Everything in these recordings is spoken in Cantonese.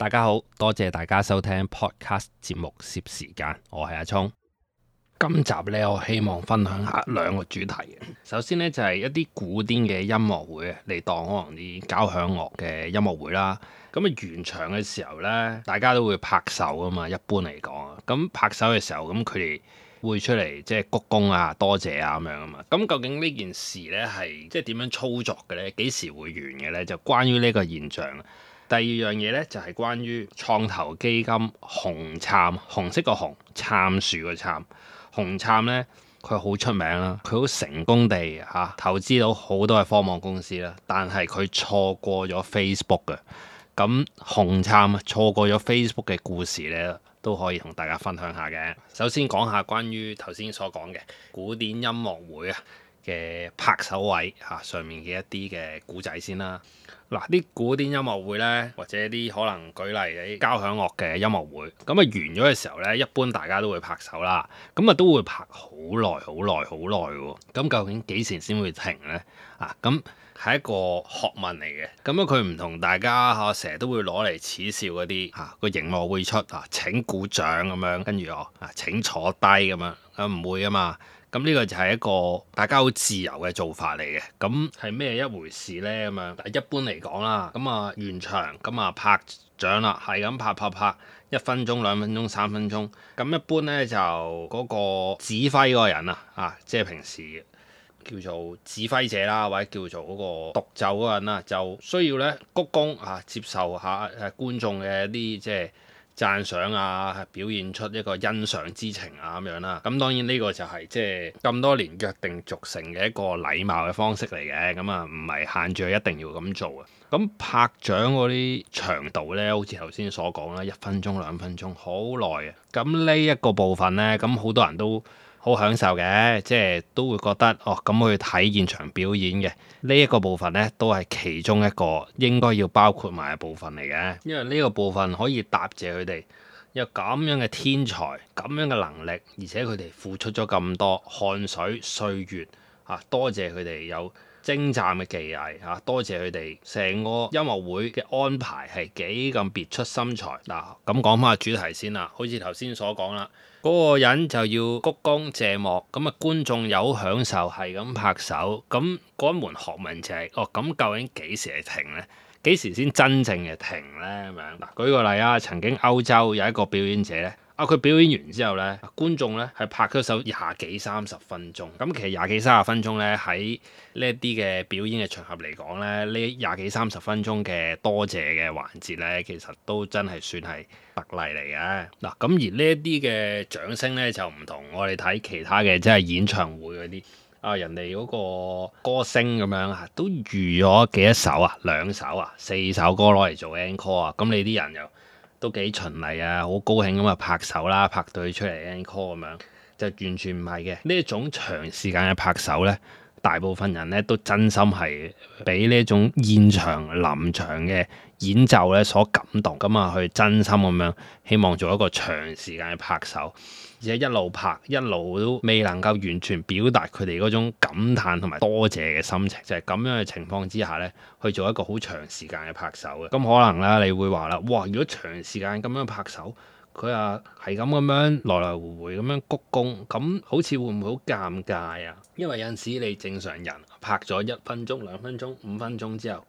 大家好多謝大家收聽 podcast 節目攝時間，我係阿聰。今集咧，我希望分享下兩個主題。首先咧，就係一啲古典嘅音樂會嚟當，可能啲交響樂嘅音樂會啦。咁啊，完場嘅時候咧，大家都會拍手啊嘛。一般嚟講，咁拍手嘅時候，咁佢哋會出嚟即係鞠躬啊、多謝啊咁樣啊嘛。咁究竟呢件事咧係即係點樣操作嘅咧？幾時會完嘅咧？就關於呢個現象。第二樣嘢咧就係關於創投基金紅杉，紅色個紅，杉樹個杉。紅杉咧，佢好出名啦，佢好成功地嚇投資到好多嘅科網公司啦。但係佢錯過咗 Facebook 嘅，咁紅杉啊，錯過咗 Facebook 嘅故事咧，都可以同大家分享下嘅。首先講下關於頭先所講嘅古典音樂會啊嘅拍手位嚇上面嘅一啲嘅古仔先啦。嗱，啲古典音樂會咧，或者啲可能舉例嘅交響樂嘅音樂會，咁啊完咗嘅時候咧，一般大家都會拍手啦，咁啊都會拍好耐好耐好耐喎。咁究竟幾時先會停咧？啊，咁係一個學問嚟嘅。咁樣佢唔同大家嚇，成日都會攞嚟恥笑嗰啲嚇，個熒幕會出嚇、啊，請鼓掌咁樣，跟、啊、住我啊請坐低咁樣，啊唔、啊、會啊嘛。咁呢個就係一個大家好自由嘅做法嚟嘅，咁係咩一回事呢？咁樣，但係一般嚟講啦，咁啊現場咁啊拍掌啦，係咁拍拍拍一分鐘兩分鐘三分鐘，咁一般呢，就嗰個指揮嗰個人啊，啊即係平時叫做指揮者啦，或者叫做嗰個獨奏嗰人啊，就需要呢鞠躬啊，接受下誒觀眾嘅啲即係讚賞啊，表現出一個欣賞之情啊，咁樣啦、啊。咁當然呢個就係、是、即係咁多年約定俗成嘅一個禮貌嘅方式嚟嘅。咁啊，唔係限住一定要咁做啊。咁拍掌嗰啲長度呢，好似頭先所講啦，一分鐘、兩分鐘，好耐啊。咁呢一個部分呢，咁好多人都。好享受嘅，即係都會覺得哦，咁去睇現場表演嘅呢一個部分咧，都係其中一個應該要包括埋嘅部分嚟嘅，因為呢個部分可以答謝佢哋有咁樣嘅天才、咁樣嘅能力，而且佢哋付出咗咁多汗水、歲月。啊！多謝佢哋有精湛嘅技藝，嚇！多謝佢哋成個音樂會嘅安排係幾咁別出心裁。嗱、啊，咁講翻個主題先啦。好似頭先所講啦，嗰、那個人就要鞠躬謝幕，咁啊觀眾有享受係咁拍手，咁嗰一門學問就係、是、哦，咁究竟幾時係停呢？幾時先真正嘅停呢？」咁樣嗱，舉個例啊，曾經歐洲有一個表演者呢。啊！佢表演完之後咧，觀眾咧係拍咗手廿幾三十分鐘。咁其實廿幾三十分鐘咧，喺呢一啲嘅表演嘅場合嚟講咧，呢廿幾三十分鐘嘅多謝嘅環節咧，其實都真係算係特例嚟嘅。嗱，咁而呢一啲嘅掌聲咧，就唔同我哋睇其他嘅，即係演唱會嗰啲啊，人哋嗰個歌星咁樣都預咗幾多首啊？兩首啊，四首歌攞嚟做 encore 啊？咁你啲人又？都幾循例啊！好高興咁啊，拍手啦，拍隊出嚟 encore 咁樣，就完全唔係嘅呢一種長時間嘅拍手咧。大部分人咧，都真心係俾呢種現場臨場嘅演奏咧所感動，咁啊，去真心咁樣希望做一個長時間嘅拍手，而且一路拍一路都未能夠完全表達佢哋嗰種感嘆同埋多謝嘅心情，就係咁樣嘅情況之下咧去做一個好長時間嘅拍手嘅，咁可能啦你會話啦，哇！如果長時間咁樣拍手。佢呀係咁咁樣來來回回咁樣鞠躬，咁好似會唔會好尷尬啊？因為有陣時你正常人拍咗一分鐘、兩分鐘、五分鐘之後，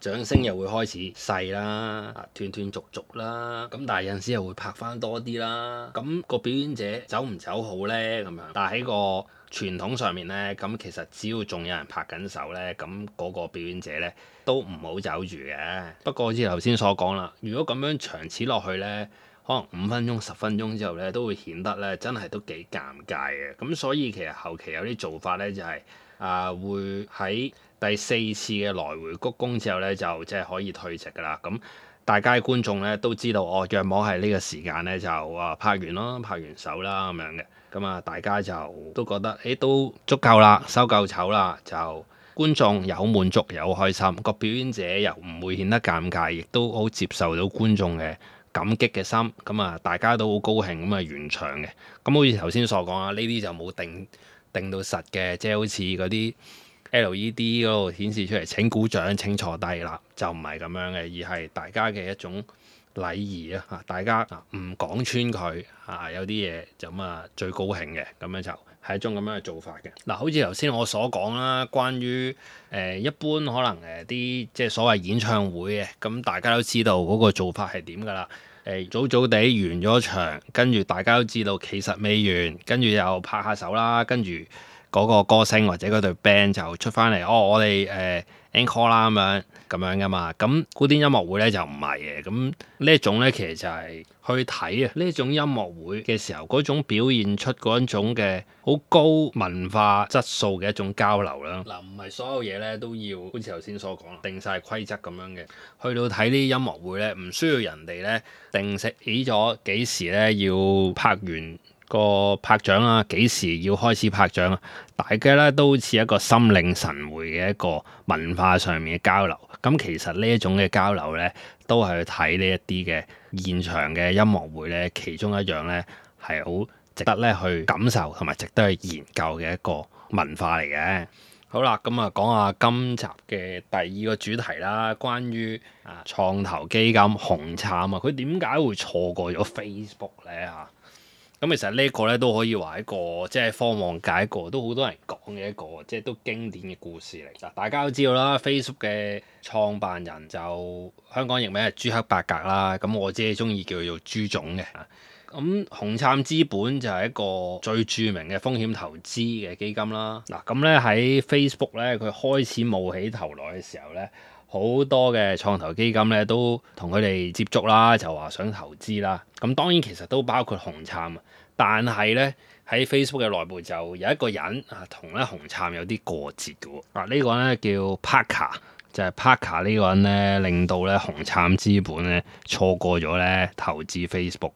掌聲又會開始細啦，啊斷斷續續啦。咁但係有陣時又會拍翻多啲啦。咁個表演者走唔走好呢？咁樣，但係喺個傳統上面呢，咁其實只要仲有人拍緊手呢，咁嗰個表演者呢，都唔好走住嘅。不過正如頭先所講啦，如果咁樣長此落去呢，可能五分鐘、十分鐘之後咧，都會顯得咧真係都幾尷尬嘅。咁所以其實後期有啲做法咧，就係、是、啊、呃、會喺第四次嘅來回鞠躬之後咧，就即係可以退席噶啦。咁大家觀眾咧都知道，我約摸係呢個時間咧就啊拍完咯，拍完手啦咁樣嘅。咁啊大家就都覺得誒、欸、都足夠啦，收夠籌啦，就觀眾又好滿足又好開心，個表演者又唔會顯得尷尬，亦都好接受到觀眾嘅。感激嘅心，咁啊大家都好高興，咁啊完場嘅。咁好似頭先所講啊，呢啲就冇定定到實嘅，即係好似嗰啲 LED 嗰度顯示出嚟，請鼓掌，請坐低啦，就唔係咁樣嘅，而係大家嘅一種禮儀啊。嚇，大家啊唔講穿佢嚇，有啲嘢就咁啊最高興嘅，咁樣就。係一種咁樣嘅做法嘅。嗱，好似頭先我所講啦，關於誒、呃、一般可能誒啲即係所謂演唱會嘅，咁大家都知道嗰個做法係點㗎啦。誒、呃，早早地完咗場，跟住大家都知道其實未完，跟住又拍下手啦，跟住嗰個歌星或者嗰隊 band 就出翻嚟，哦，我哋誒 encore 啦咁樣。咁樣噶嘛，咁古典音樂會咧就唔係嘅，咁呢一種咧其實就係去睇啊，呢一種音樂會嘅時候嗰種表現出嗰一種嘅好高文化質素嘅一種交流啦。嗱、啊，唔係所有嘢咧都要好似頭先所講定晒規則咁樣嘅。去到睇啲音樂會咧，唔需要人哋咧定死咗幾時咧要拍完。個拍掌啦、啊，幾時要開始拍掌啊？大家咧都似一個心領神會嘅一個文化上面嘅交流。咁其實呢一種嘅交流呢，都係去睇呢一啲嘅現場嘅音樂會呢，其中一樣呢係好值得咧去感受同埋值得去研究嘅一個文化嚟嘅。好啦，咁啊講下今集嘅第二個主題啦，關於啊創投基金紅杉啊，佢點解會錯過咗 Facebook 呢？啊？咁其實呢個呢都可以話一個即係方望解一個都好多人講嘅一個即係都經典嘅故事嚟㗎，大家都知道啦，Facebook 嘅創辦人就香港譯名係朱克伯格啦，咁我自己中意叫做朱總嘅。咁紅杉資本就係一個最著名嘅風險投資嘅基金啦。嗱，咁呢喺 Facebook 呢，佢開始冒起頭來嘅時候呢，好多嘅創投基金咧都同佢哋接觸啦，就話想投資啦。咁當然其實都包括紅杉，但係咧喺 Facebook 嘅內部就有一個人啊，同咧紅杉有啲過節㗎喎。嗱，呢個咧叫 Parker，就係 Parker 呢個人咧、就是，令到咧紅杉資本咧錯過咗咧投資 Facebook。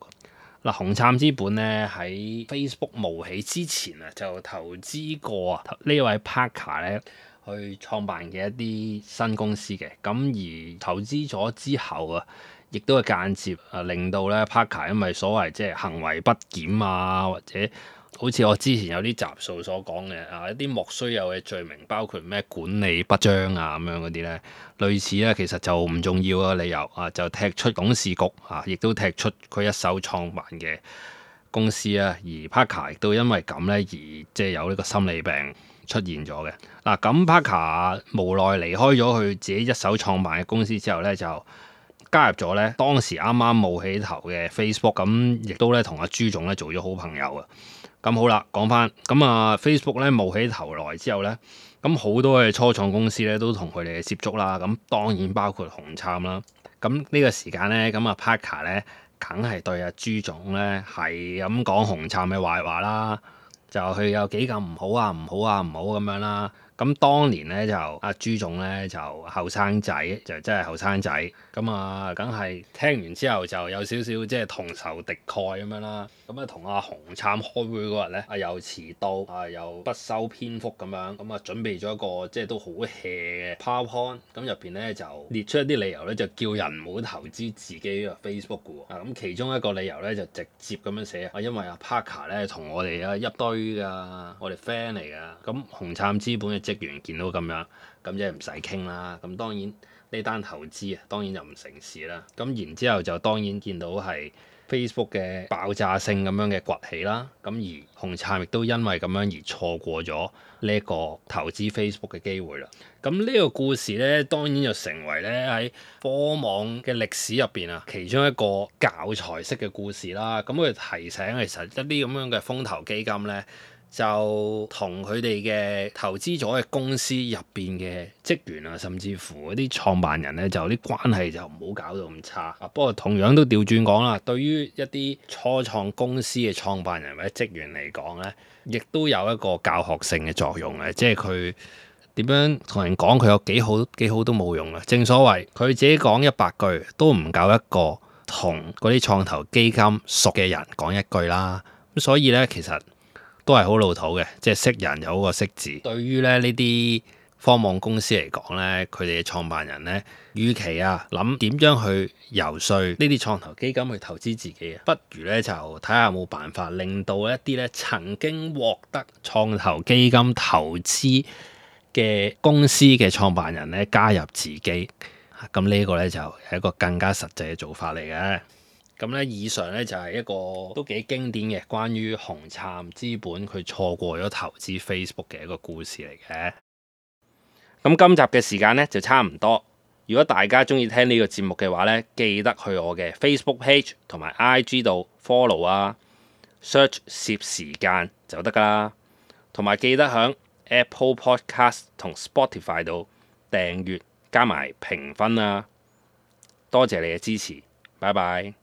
嗱，紅杉資本咧喺 Facebook 冒起之前啊，就投資過啊呢位 Parker 咧。去創辦嘅一啲新公司嘅，咁而投資咗之後啊，亦都係間接啊，令到咧 Parker 因為所謂即係行為不檢啊，或者好似我之前有啲集數所講嘅啊，一啲莫須有嘅罪名，包括咩管理不彰啊咁樣嗰啲咧，類似咧其實就唔重要啊。理由啊，就踢出董事局啊，亦都踢出佢一手創辦嘅公司啊，而 Parker 亦都因為咁咧而即係有呢個心理病。出現咗嘅嗱，咁、啊、Parker 無奈離開咗佢自己一手創辦嘅公司之後咧，就加入咗咧當時啱啱冒起頭嘅 Facebook，咁、嗯、亦都咧同阿朱總咧做咗好朋友、嗯、好啊。咁好啦，講翻咁啊 Facebook 咧冒起頭來之後咧，咁、嗯、好多嘅初創公司咧都同佢哋接觸啦。咁、嗯、當然包括紅杉啦。咁、嗯、呢、這個時間咧，咁啊 Parker 咧梗係對阿朱總咧係咁講紅杉嘅壞話啦。就話佢有幾咁唔好啊，唔好啊，唔好咁樣啦。咁當年咧就阿朱總咧就後生仔，就真係後生仔，咁啊梗係聽完之後就有少少即係同仇敵愾咁樣啦。咁啊同阿紅杉開會嗰日咧，阿又遲到啊，又不修邊幅咁樣，咁啊準備咗一個即係都好 hea 嘅 PowerPoint，咁入邊咧就列出一啲理由咧就叫人唔好投資自己嘅 Facebook 嘅喎。咁其中一個理由咧就直接咁樣寫啊，因為阿 Parker 咧同我哋啊一堆㗎，我哋 friend 嚟㗎。咁紅杉資本嘅。職員見到咁樣，咁即係唔使傾啦。咁當然呢單投資啊，當然就唔成事啦。咁然之後就當然見到係 Facebook 嘅爆炸性咁樣嘅崛起啦。咁而紅杉亦都因為咁樣而錯過咗呢一個投資 Facebook 嘅機會啦。咁、這、呢個故事呢，當然就成為呢喺科網嘅歷史入邊啊，其中一個教材式嘅故事啦。咁佢提醒其實一啲咁樣嘅風投基金呢。就同佢哋嘅投資咗嘅公司入邊嘅職員啊，甚至乎嗰啲創辦人咧，就啲關係就唔好搞到咁差。不過同樣都調轉講啦，對於一啲初創公司嘅創辦人或者職員嚟講咧，亦都有一個教學性嘅作用嘅，即係佢點樣同人講，佢有幾好幾好都冇用啊。正所謂佢自己講一百句都唔夠一個同嗰啲創投基金熟嘅人講一句啦。咁所以咧，其實。都係好老土嘅，即係識人有嗰個識字。對於咧呢啲科網公司嚟講呢，佢哋嘅創辦人呢，與其啊諗點樣去遊說呢啲創投基金去投資自己啊，不如呢就睇下有冇辦法，令到一啲咧曾經獲得創投基金投資嘅公司嘅創辦人咧加入自己。咁呢個呢，就係一個更加實際嘅做法嚟嘅。咁咧，以上咧就係一個都幾經典嘅關於紅杉資本佢錯過咗投資 Facebook 嘅一個故事嚟嘅。咁今集嘅時間咧就差唔多。如果大家中意聽呢個節目嘅話咧，記得去我嘅 Facebook page 同埋 IG 度 follow 啊，search 攝時間就得㗎喇。同埋記得喺 Apple Podcast 同 Spotify 度訂閱加埋評分啊！多謝你嘅支持，拜拜。